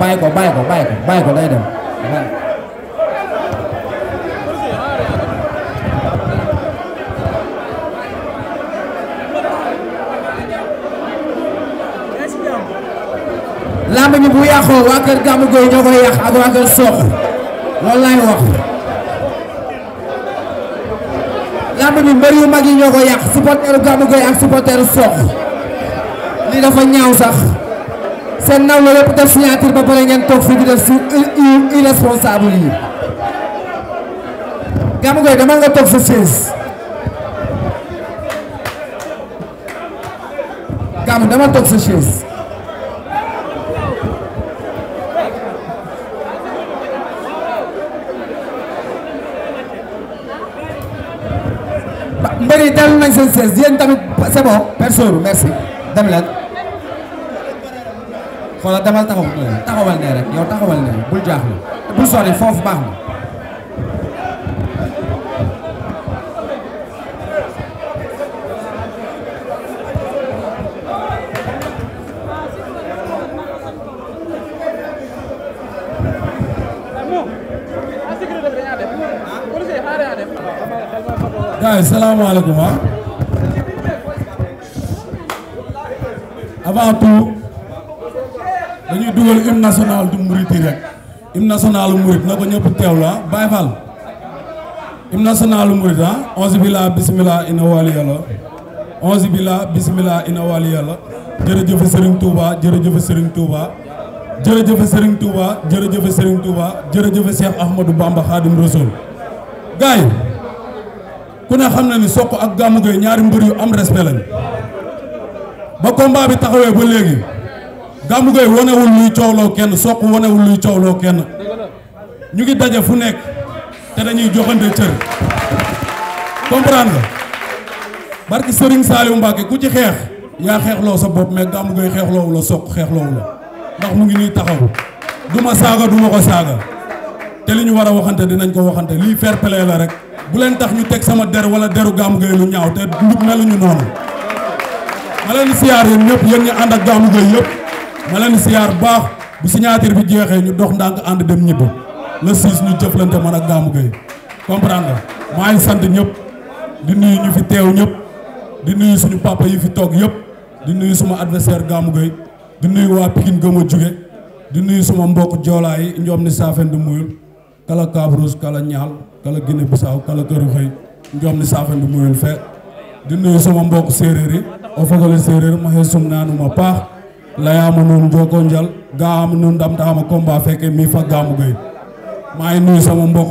bàyyi ko bàyyi ko bàyyi ko bàyyi ko day dem lamb ñi bu yàqoo waa kër Gamou Gueye ñoo koy yàq ak waa kër Sokh loolu laay wax lamb ñi mbër yu mag yi ñoo koy yàq supporteru Gamou Gueye ak supporteru Sokh li dafa ñaaw sax seen naw la yëpp def signature ba pare ngeen toog fii di def si irresponsable yi Gamou Gueye dama nga toog sa chaise Gamou dama toog sa chaise mbëri dal nañ seen chaise yéen tamit c'est bon personne merci dem leen xoolal demal taxaw taxawal ne rek yow taxawal ne bul jaaxle bul sori foofu baax na. waaw salaamaaleykum ah avant tout dugal hymne national du murit yi rek hymne national murit na ko ñëpp teew la Baye Fall hymne national murit ah onze bila bismillah ina wali yàlla onze bila bismillah ina wali yàlla jërëjëf Serigne Touba jërëjëf Serigne Touba jërëjëf Serigne Touba Bamba Khadim Rasoul gars ku ne xam na ni Sokh ak Gamou Gueye ñaari mbër yu am respect lañ ba combat bi taxawee ba léegi Gamou Gueye wanewul luy coowloo kenn Sokh wanewul luy coowloo kenn ñu ngi daje fu nekk te dañuy joxante cër comprendre nga barki Serigne Saliou Mbacke ku ci xeex yaa loo sa bopp mais Gamou Gueye xeexloowu la Sokh xeexloowu la ndax mu ngi nii taxaw du ma saaga duma ma ko saaga te li ñu war a waxante dinañ ko waxante lii fair play la rek bu leen tax ñu teg sama der wala deru Gamou Gueye lu ñaaw te ndub meluñu noonu ma leen siyaar yéen ñëpp yéen ñu ànd ak Gamou Gueye yëpp ma leen siyaar baax bu signature bi jeexee ñu dox ndànk ànd dem ñibbi le 6 ñu jëflante man ak Gamou Gueye comprendre nga maa ngi sant ñëpp di nuyu ñu fi teew ñëpp di nuyu suñu papa yi fi toog yëpp di nuyu suma adversaire Gamou Gueye di nuyu waa Pikine di nuyu suma mbokk joolaa yi ñoom ni saafen di muyul kala Kabrousse kala ñaal kala Guinée Bissau kala këru xëy ñoom ni saafen di muyul fe di nuyu suma mbokk séeréer yi o séeréer ma xee sum naanuma paax layaama nuun joko njal gaama nuun ndamtaama combat fekke mi fa Gamou Gueye maa ngi nuyu sama mbokk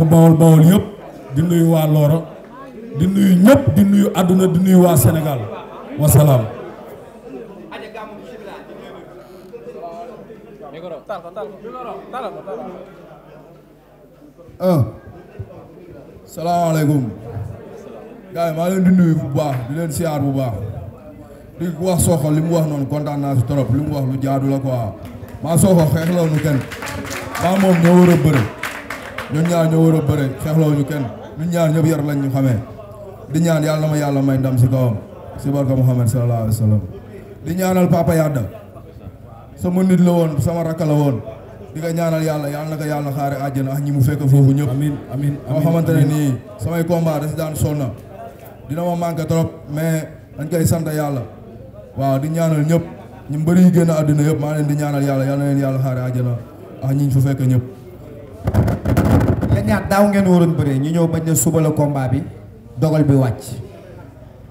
di nuyu waa àdduna di nuyu waa Sénégal wasalaam ah salaamaaleykum gars maa leen di nuyu bu baax di leen siyaar bu baax di wax Sokh li mu wax noonu kontaan naa li mu wax lu jaadu la quoi maa Sokh xeexloo ñu kenn maa moom ñoo war a bëre ñun ñaar ñoo war a ñu kenn ñun ñaar ñëpp yar lañ ñu xamee di ñaan yàlla ma yàlla may ndam si kawam si barka Muhammad sallallahu alayhi wa sallam di ñaanal Papa Yada sama nit la woon sama rakk la woon di nga ñaanal yàlla yàlla na ko yàlla xaare àjjana ak ñi mu fekk foofu ñëpp. amiin amiin amiin xamante ne nii samay combat da si daan sonna dina ma dañ koy sant waaw di ñaanal ñëpp ñu mbëri yi génn àdduna yëpp maa leen di ñaanal yàlla yal na leen yàlla xaare àjjana ah ñi ñu fa fekk ñëpp. yéen ñaar daaw ngeen waroon bëree ñu ñëw bañ ne suba la combat bi dogal bi wàcc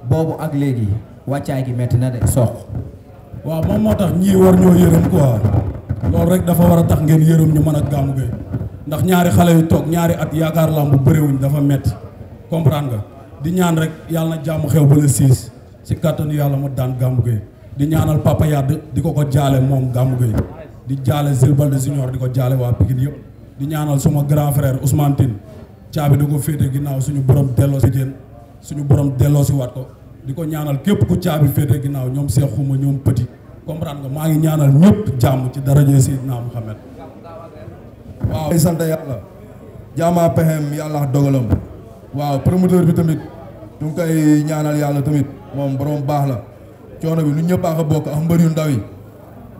boobu ak léegi wàccaay gi metti na de sox. waaw moom moo tax ñii war ñoo yërëm quoi loolu rek dafa war a tax ngeen yërëm ñu mën a gàmmu ge ndax ñaari xale yu toog ñaari at yaakaar lamb bu bëriwuñ dafa metti comprendre nga di ñaan rek yàlla na jàmm xew ba si kàttanu yàlla mu daan Gamou Gueye di ñaanal Papa Yade di ko ko jaale moom Gamou Gueye di jaale Zilbalde Junior di ko jaale waa Pikine yëpp di ñaanal suma grand frère Ousmane Tine caabi da ko féete ginnaaw suñu borom delloo si jéen suñu borom delloo si waat ko di ko ñaanal képp ku caabi féete ginnaaw ñoom Cheikh Xuma ñoom Petit comprendre nga maa ngi ñaanal ñëpp jàmm ci daraje Seydina Muhammad waaw ay sant yàlla jaamaa pexeem yàlla dogalam waaw promoteur tamit moom borom baax la coono bi lu ñëpp a bokk ak mbër yu ndaw yi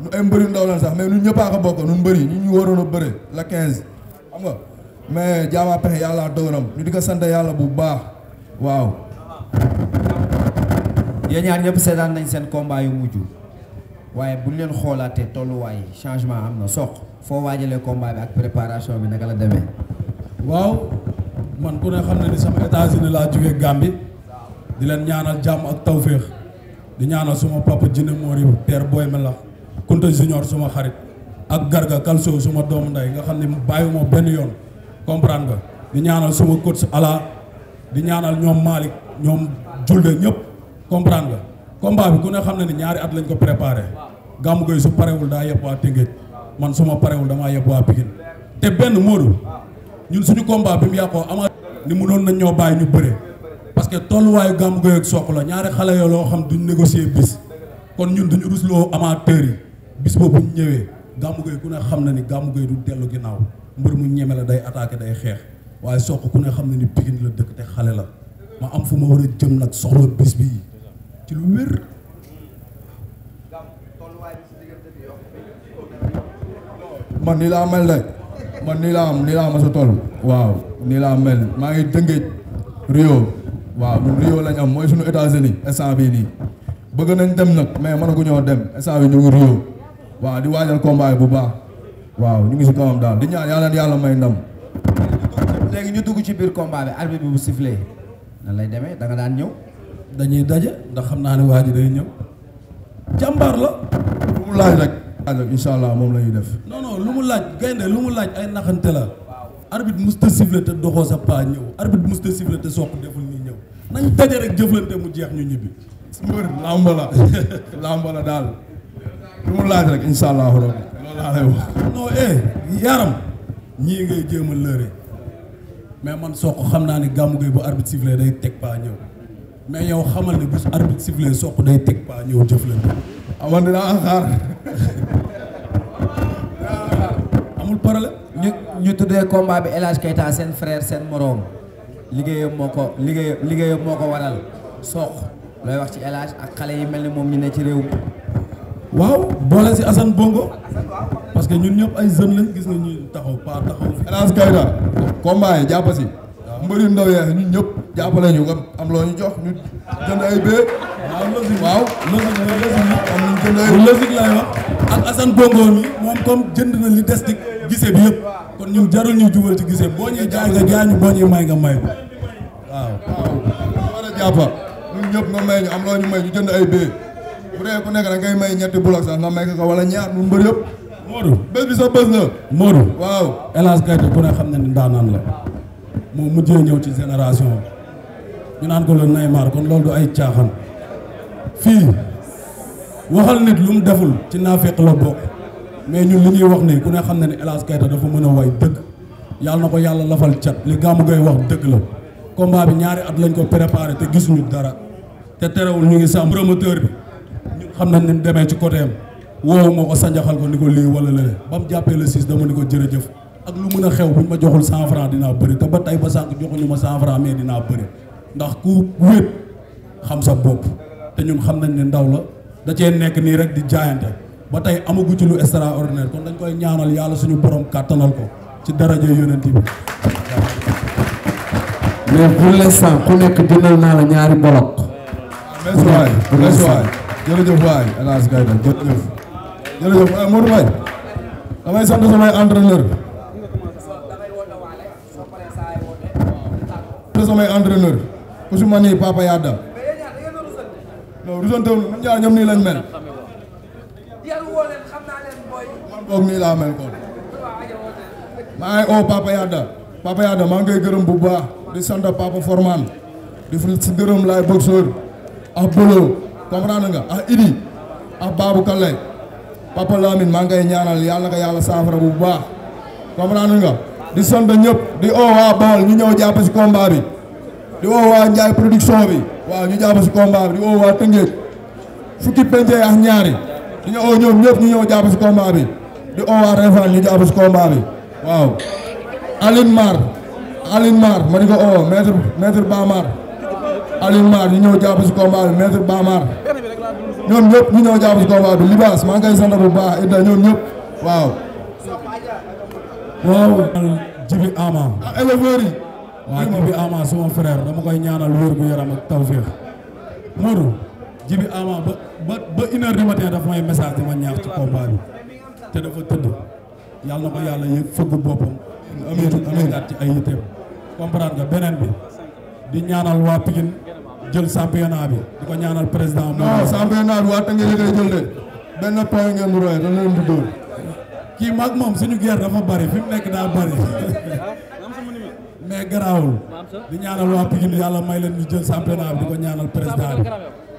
ñu ay mbër yu ndaw lan sax mais lu ñëpp a bokk ñun mbër yi ñu ñu waroon a bëre la quinze xam nga mais jaamaa pexe yàlla dogalam di ko sant yàlla bu baax waaw. yéen ñëpp seetaan nañ seen combat yu mujj waaye bu ñu leen xoolaatee tolluwaay changement am na soq foo waajalee combat bi ak préparation bi naka la demee. waaw man ku ne xam na ni sama états-unis laa jógee Gambie. di leen ñaanal jàmm ak tawféex di ñaanal suma papa Jine Mori père Boy Mela Kunta Junior suma xarit ak Garga Kalso suma doomu nday nga xam ne moo benn yoon comprendre nga di ñaanal suma coach Ala di ñaanal ñoom Malick ñoom Julde ñëpp comprendre nga combat bi ku ne xam ne ni ñaari at lañ ko préparé Gamou Gueye su parewul daa yëpp waa Tëngéej man suma parewul damaa yëpp waa Pikine te benn Modou ñun suñu combat bi mu yàqoo amaat ni nañ ñoo bàyyi ñu bëre parce que tolluwaayu Gamou Gueye ak Sokh ñaari xale yoo loo xam duñ négocier bis kon ñun duñu rusloo amateur yi bis boobu buñ ñëwee Gamou Gueye ku ne xam na ni Gamou Gueye du dellu ginnaaw mbër mu ñeme la day attaqué day xeex waaye Sokh ku ne xam na ni Pikine la dëkk te xale la ma am fu ma war a jëm nag soxla bis bii ci lu wér man nii laa mel de man nii laa am nii laa am sa tool waaw nii laa mel maa ngi dëngéej Rio waaw ñun Rio lañ am mooy suñu États-Unis instant bii nii bëgg nañ dem nag mais mënaguñoo dem instant bi ñu ngi Rio waaw di waajal combat bu baax waaw ñu ngi si kawam daal di ñaan yàlla yàlla may ndam. léegi ñu dugg ci biir combat bi arbitre bi bu sifflé nan lay demee da nga daan ñëw. dañuy daje ndax xam naa ne waa ji day ñëw. jàmbaar la. lu mu laaj rek. waaw incha allah moom la ñuy def. non non lu mu laaj gaynde lu mu laaj ay naxante la. arbitre musta sifflé te doxoo sa paa ñëw arbitre musta sifflé te soq deful nii. nañ daje rek jëflante mu jeex ñu ñibbi mbër làmb la làmb la daal lu mu laaj rek insha allahu rabbi loolu laa lay wax non eh, yaram ñii ngay jéem a lëre mais man soq xam naa ni gàmmu gay bu arbitre sifflé day teg paa ñëw mais yow xamal ne bu arbitre sifflé soq day teg paa ñëw jëflante aman dinaa xaar amul problème ñu ñu tuddee combat bi El Hadj seen frère seen moroom liggéeyam moo ko liggéey liggéeyam moo ko waral soox looy wax ci El ak xale yi mel ni moom ñu ne ci réew waaw boole si Assane Bongo parce que ñun ñëpp ay jeunes lañ gis na ñu taxaw pa taxaw fi El Hadj Kayda jàpp si mbëri ndaw yeex ñun ñëpp jàppale ñu nga loo ñu jox ñu jënd ay bee waaw logique waaw wax ak Assane Bongo mi moom comme jënd na li des di gisee bi yëpp kon ñun jarul ñu jubal ci gisee boo ñuy jaay nga jaay ñu boo ñuy may nga may ko waaw. waaw war a jàppa ñun ñëpp nga may ñu am loo ñu may ñu jënd ay bee bu dee ku nekk da ngay may ñetti bloc sax nga may ko wala ñaar ñun mbër yëpp. Modou bés bi sa bés la. Modou waaw El Hadj Keita ku ne xam ne ni ndaanaan la moo mujjee ñëw ci génération ñu naan ko la Neymar kon loolu du ay caaxaan fii waxal nit lu mu deful ci naafeq la bokk. mais ñun li ñuy wax nii ku ne xam na ne El Hadj Keita dafa mën a way dëgg yàlla na ko yàlla lafal cat li gàmmu ngay wax dëgg la combat bi ñaari lañ ko préparé te gisuñu dara te terewul ñu ngi sàmm promoteur bi ñun xam nañ ne demee ci côté am woowu moo ko sanjaxal ko ni ko lii wala lële ba mu jàppee le six dama ni ko jërëjëf ak lu mën a xew buñ ma joxul cent franc dinaa bëri te ba tey ba sànq joxuñu ma cent franc mais dinaa bëri ndax ku wéet xam sa bopp te ñun xam nañ ne ndaw la da cee nekk nii rek di jaayante ba tey amagu ci lu extraordinaire kon dañ koy ñaanal yàlla suñu borom kàttanal ko ci daraja yonent bi mais pour l'instant ku nekk dindal naa la ñaari bolok merci waay merci damay sant samay entraîneur ku si ma nii Papa Yada non rusantewul ñoom ñoom nii lañ mel toog nii laa mel kon maa ngi Papa Yada Papa Yada maa ngi koy gërëm bu baax di sant Papa Forman di si gërëm laay boxeur ak Bolo comprendre nga ak Idi ak Babou Kallay Papa Lamine maa ngi koy ñaanal yàlla na ko yàlla saafara bu baax comprendre nga di sant ñëpp di oo waa Baol ñu ñëw jàpp si combat bi di oo waa Ndiaye production bi waaw ñu jàpp si combat bi di oo waa Tëngéej fukki peñcee ak ñaari ñu oo ñoom ñëpp ñu ñëw jàpp si combat bi di oowaat Réfane ñu jàpp si combat bi waaw Aline Mar Aline Mar ma di ko oo maître maître Bamar Aline Mar ñu ñëw jàpp si combat bi maître Bamar ñoom ñëpp ñu ñëw jàpp si combat Libaas maa ngi koy bu baax Idda ñoom ñëpp waaw. Jibi Ama. ah éleveur yi. waaw Jibi Ama sama frère dama koy ñaanal wér gu yaram ak tawféex. Modou Jibi Ama ba ba ba une heure du matin daf may message ma ñaax ci combat te dafa tëdd yàlla na ko yàlla yëg fëgg boppam amiin amiin ci ay yitteem comprendre nga beneen bi di ñaanal waa Pikine jël championnat bi di ko ñaanal président non championnat bi waa ta nge likoy jël de benn point ngeen mais garaawul di ñaanal waa Pikine yàlla may leen jël championnat bi di ko ñaanal président bi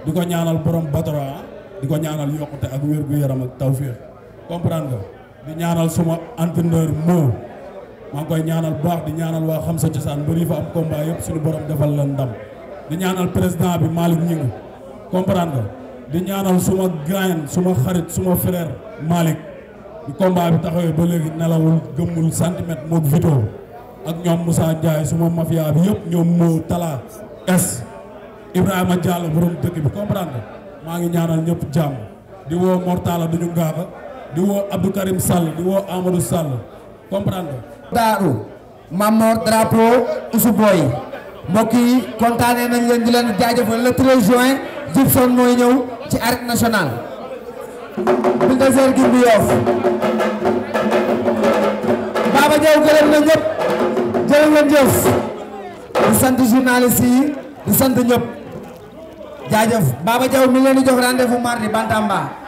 di ko ñaanal borom Batora di ko ñaanal yokkute ak wér gu yaram ak tawféex comprendre nga di ñaanal suma entraîneur moo maa ngi koy ñaanal bu baax di ñaanal waa xam sa cosaan mbër yi fa am combat yëpp suñu borom defal leen ndam di ñaanal président bi Malick Gningue comprendre nga di ñaanal suma grand suma xarit suma frère Malick di combat bi taxawee ba léegi nelawul gëmmul centimètre moog Vito ak ñoom Moussa Ndiaye suma mafia bi yëpp ñoom moo Talla S Ibrahima Diallo borom dëkk bi comprendre maa ngi ñaanal ñëpp jàmm di woo Mortala di woo Abdou Karim Sall di woo Amadou Sall comprendre daaru Mamor drapeau Ousou Boy mbokk kontaanee nañ leen di leen jaajëfal le 13 juin Djibson mooy ñëw ci arène nationale Bulldozer gi bi na ñëpp jërë ngeen jëf di sant journaliste yi di sant ñëpp jaajëf Baba Diaw mi leen jox rendez-vous mardi Bantamba